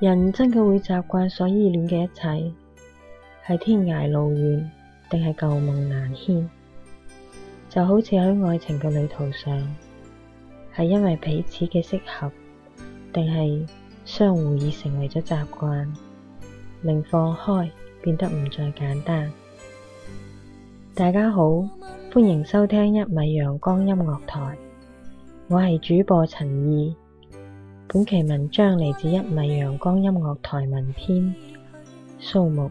人真嘅會習慣所依戀嘅一切，係天涯路遠，定係舊夢難牽？就好似喺愛情嘅旅途上，係因為彼此嘅適合，定係相互已成為咗習慣？令放開變得唔再簡單。大家好，歡迎收聽一米陽光音樂台，我係主播陳懿。本期文章嚟自一米陽光音樂台文編，蘇木。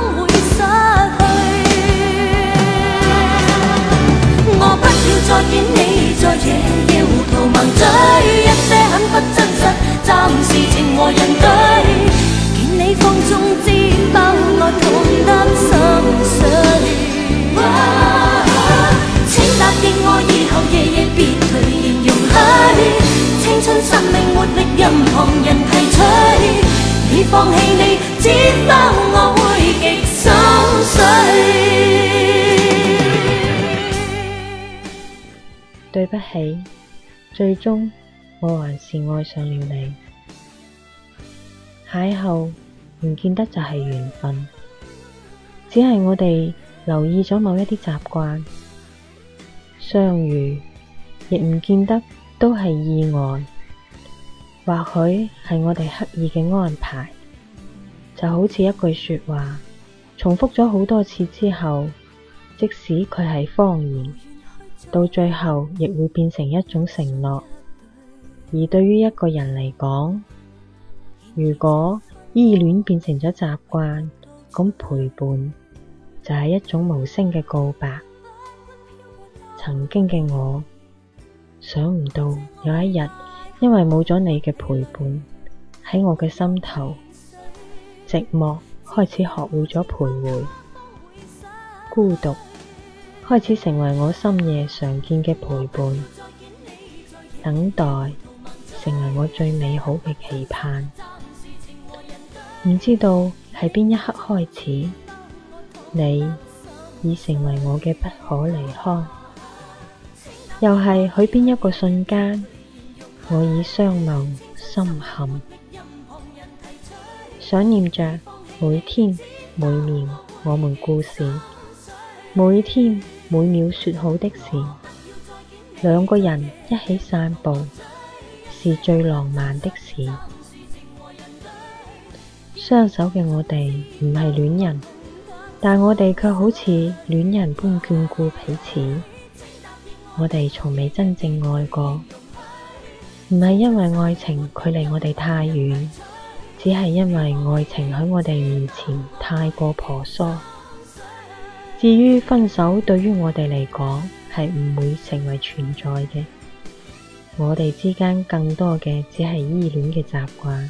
不起，最終我還是愛上了你。邂逅唔見得就係緣分，只係我哋留意咗某一啲習慣。相遇亦唔見得都係意外，或許係我哋刻意嘅安排。就好似一句說話，重複咗好多次之後，即使佢係謊言。到最後亦會變成一種承諾，而對於一個人嚟講，如果依戀變成咗習慣，咁陪伴就係一種無聲嘅告白。曾經嘅我，想唔到有一日，因為冇咗你嘅陪伴喺我嘅心頭，寂寞開始學會咗徘徊，孤獨。開始成為我深夜常見嘅陪伴，等待成為我最美好嘅期盼。唔知道喺邊一刻開始，你已成為我嘅不可離開。又係喺邊一個瞬間，我已相忘心憾，想念着每天每年我們故事，每天。每秒說好的事，兩個人一起散步是最浪漫的事。雙手嘅我哋唔係戀人，但我哋卻好似戀人般眷顧彼此。我哋從未真正愛過，唔係因為愛情距離我哋太遠，只係因為愛情喺我哋面前太過婆娑。至於分手，對於我哋嚟講係唔會成為存在嘅。我哋之間更多嘅只係依戀嘅習慣，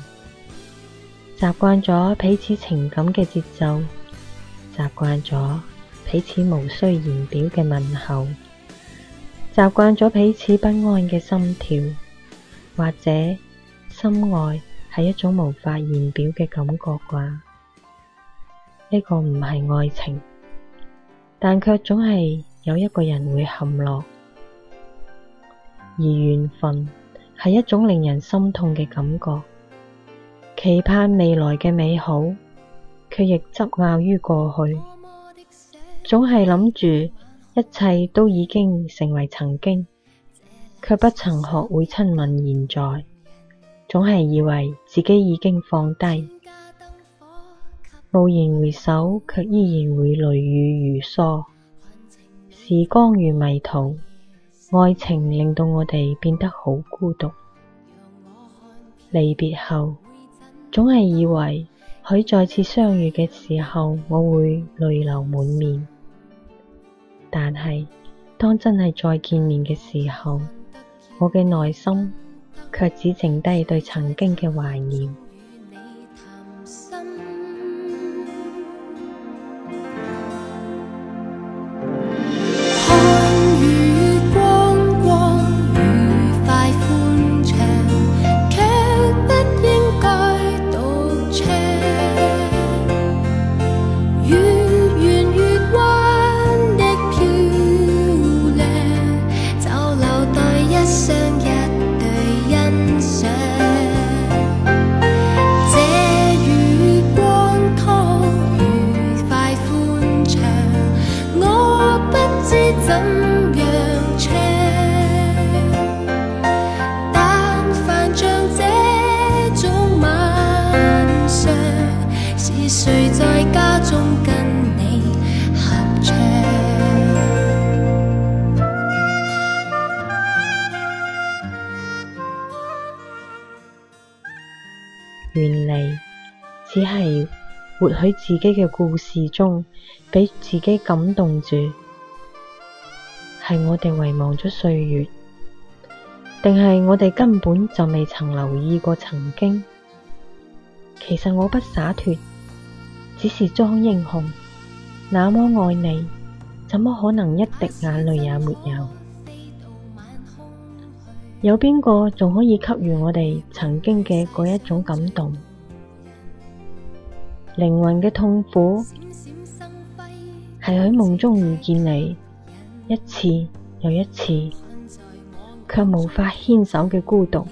習慣咗彼此情感嘅節奏，習慣咗彼此無需言表嘅問候，習慣咗彼此不安嘅心跳，或者心愛係一種無法言表嘅感覺啩？呢個唔係愛情。但卻總係有一個人會陷落，而緣分係一種令人心痛嘅感覺。期盼未來嘅美好，卻亦執拗於過去，總係諗住一切都已經成為曾經，卻不曾學會親吻現在，總係以為自己已經放低。驀然回首，卻依然會淚雨如梭。時光如迷途，愛情令到我哋變得好孤獨。離別後，總係以為喺再次相遇嘅時候，我會淚流滿面。但係當真係再見面嘅時候，我嘅內心卻只剩低對曾經嘅懷念。原嚟只係活喺自己嘅故事中，俾自己感動住，係我哋遺忘咗歲月，定係我哋根本就未曾留意過曾經？其實我不灑脫，只是裝英雄。那麼愛你，怎麼可能一滴眼淚也沒有？有邊個仲可以給予我哋曾經嘅嗰一種感動？靈魂嘅痛苦，係喺夢中遇見你一次又一次，卻無法牽手嘅孤獨。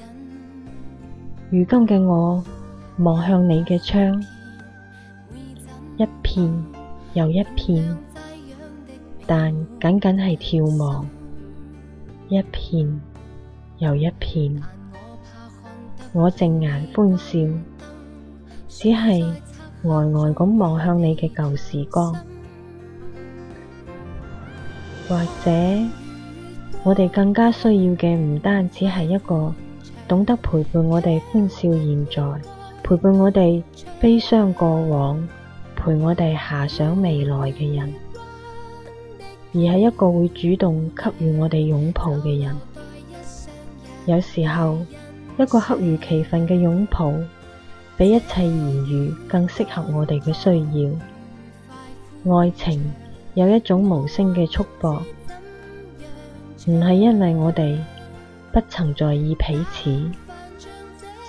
如今嘅我，望向你嘅窗，一片又一片，但僅僅係眺望一片。又一片，我靜眼歡笑，只係呆呆咁望向你嘅舊時光。或者，我哋更加需要嘅唔單只係一個懂得陪伴我哋歡笑現在，陪伴我哋悲傷過往，陪我哋遐想未來嘅人，而係一個會主動給予我哋擁抱嘅人。有時候，一個恰如其分嘅擁抱，比一切言語更適合我哋嘅需要。愛情有一種無聲嘅束縛，唔係因為我哋不曾在意彼此，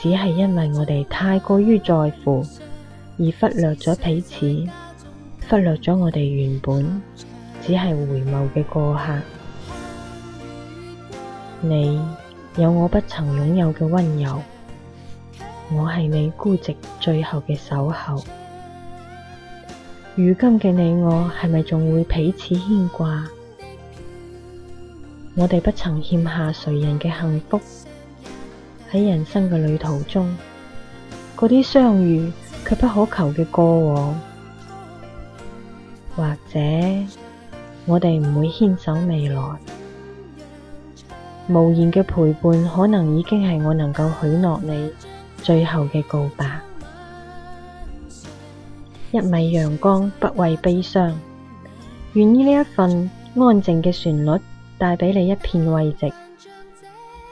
只係因為我哋太過於在乎，而忽略咗彼此，忽略咗我哋原本只係回眸嘅過客。你。有我不曾擁有嘅温柔，我係你孤寂最後嘅守候。如今嘅你我係咪仲會彼此牽掛？我哋不曾欠下誰人嘅幸福。喺人生嘅旅途中，嗰啲相遇卻不可求嘅過往，或者我哋唔會牽手未來。無言嘅陪伴，可能已經係我能夠許諾你最後嘅告白。一米陽光不畏悲傷，願意呢一份安靜嘅旋律帶畀你一片慰藉。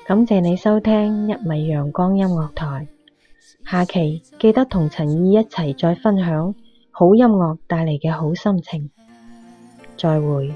感謝你收聽一米陽光音樂台，下期記得同陳懿一齊再分享好音樂帶嚟嘅好心情。再會。